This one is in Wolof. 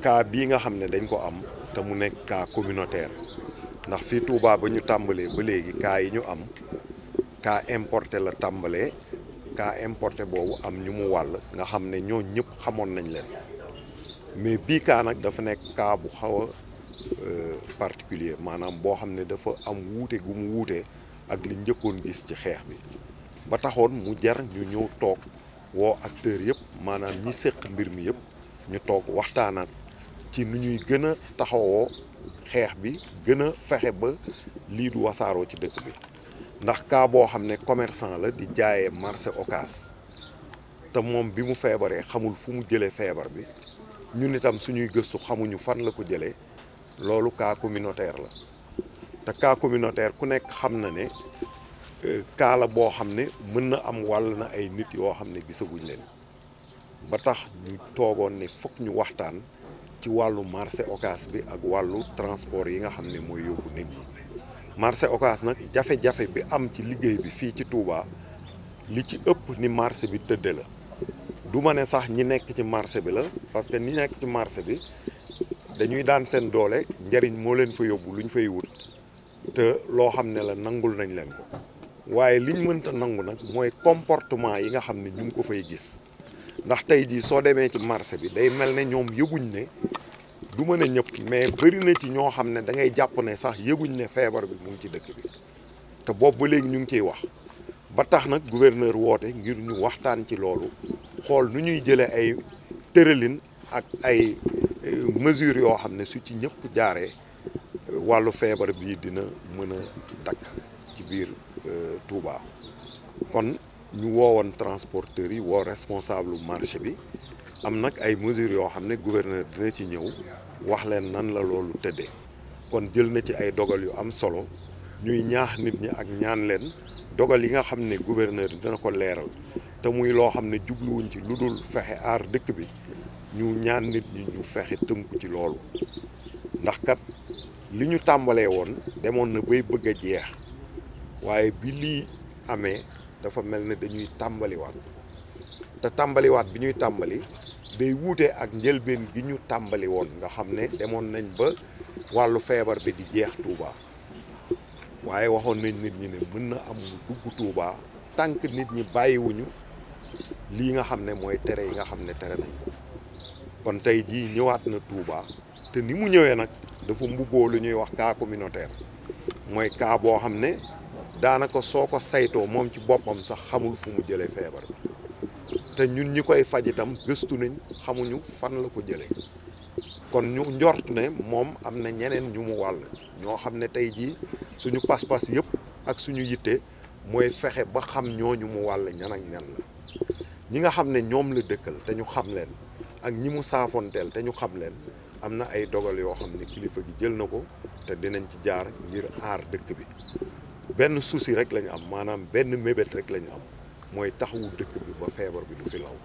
cas bii nga xam ne dañ ko am te mu nekk kaa communautaire ndax fi Touba ba ñu tàmbalee ba léegi cas yi ñu am cas importé la tàmbalee cas importé boobu am ñu mu wàll nga xam ne ñoo ñëpp xamoon nañ leen mais bii kaa nag dafa nekk kaa bu xaw a euh, particulier maanaam boo xam ne dafa am wuute gu mu wuute ak li njëkkoon gis ci xeex bi ba taxoon mu jar ñu ñëw toog woo acteurs yëpp maanaam ñi séq mbir mi yëpp ñu toog waxtaanaat ci nu ñuy gën a taxawoo xeex bi gën a fexe ba lii du wasaaroo ci dëkk bi ndax kaa boo xam ne commerçant la di jaayee marché Ocass te moom bi mu feebaree xamul fu mu jëlee feebar bi ñun itam suñuy gëstu xamuñu fan la ko jëlee loolu kaa communautaire la te cas communautaire ku nekk xam na ne euh, cas la boo xam ne mën na am wàll na ay nit yoo xam ne gisaguñ leen ba tax ñu toogoon ne fokk ñu waxtaan ci walu marché Ocass bi ak walu transport yi nga xam moy mooy nit ñi marché nak jafe-jafe bi am ci liggéey bi fi ci Touba li ci ëpp ni marché bi tëdde la du ma ne sax ñi nekk ci marché bi la parce que ñi nekk ci marché bi dañuy daan seen doole njëriñ mo leen fa yobbu luñ fay wut te lo xam la nangul nañ leen waye liñ mënta nangu nak moy comportement yi nga ñu ko fay gis ndax tey jii soo demee ci marché bi day mel ne ñoom yëguñ ne du mën a ñëpp mais bëri na ci ñoo xam ne da ngay jàpp ne sax yëguñ ne feebar bi mu ngi ci dëkk bi te boobu ba léegi ñu ngi ciy wax ba tax nag gouverneur woote ngir ñu waxtaan ci loolu xool nu ñuy jëlee ay tëralin ak ay eh, mesures yoo xam ne su ci ñëpp jaaree wàllu feebar bii dina mën a dakk ci biir eh, Touba kon. ñu woowoon transporteurs yi woo responsable marché bi am nag ay mesures yoo xam ne gouverneur dina ci ñëw wax leen nan la loolu tëddee kon jël na ci ay dogal yu am solo ñuy ñaax nit ñi ak ñaan leen dogal yi nga xam ne gouverneur dina ko leeral te muy loo xam ne jubluwuñ ci lu dul fexe aar dëkk bi ñu ñaan nit ñi ñu fexe tënku ci loolu ndax kat li ñu tàmbalee woon demoon na bay bëgg jeex waaye bi lii amee dafa mel ne dañuy tàmbaliwaat te tàmbaliwaat bi ñuy tàmbali day wuute ak njëlbeen gi ñu tàmbali woon nga xam ne demoon nañ ba wàllu feebar bi di jeex Touba waaye waxoon nañ nit ñi ne mën na am mu dugg Touba tànk nit ñi bàyyiwuñu lii nga xam ne mooy tere yi nga xam ne tere nañ ko kon tey jii ñëwaat na tuubaa te ni mu ñëwee nag dafa mbubboo lu ñuy wax cas communautaire mooy cas boo xam ne. daanaka soo ko saytoo moom ci boppam sax xamul fu mu jëlee feebar bi te ñun ñi koy faj itam gëstu nañ xamuñu fan la ko jëlee kon ñu njort ne moom am na ñeneen ñu mu wàll ñoo xam ne tey jii suñu pas-pas yëpp ak suñu yitte mooy fexe ba xam ñooñu mu wàll ñan ak ñan la ñi nga xam ne ñoom la dëkkal te ñu xam leen ak ñi mu saafoonteel te ñu xam leen am na ay dogal yoo xam ne kilifa gi jël na ko te dinañ ci jaar ngir aar dëkk bi benn souci rek lañu am maanaam benn mébét rek la ñu am mooy taxawu dëkk bi ba feebar bi du fi law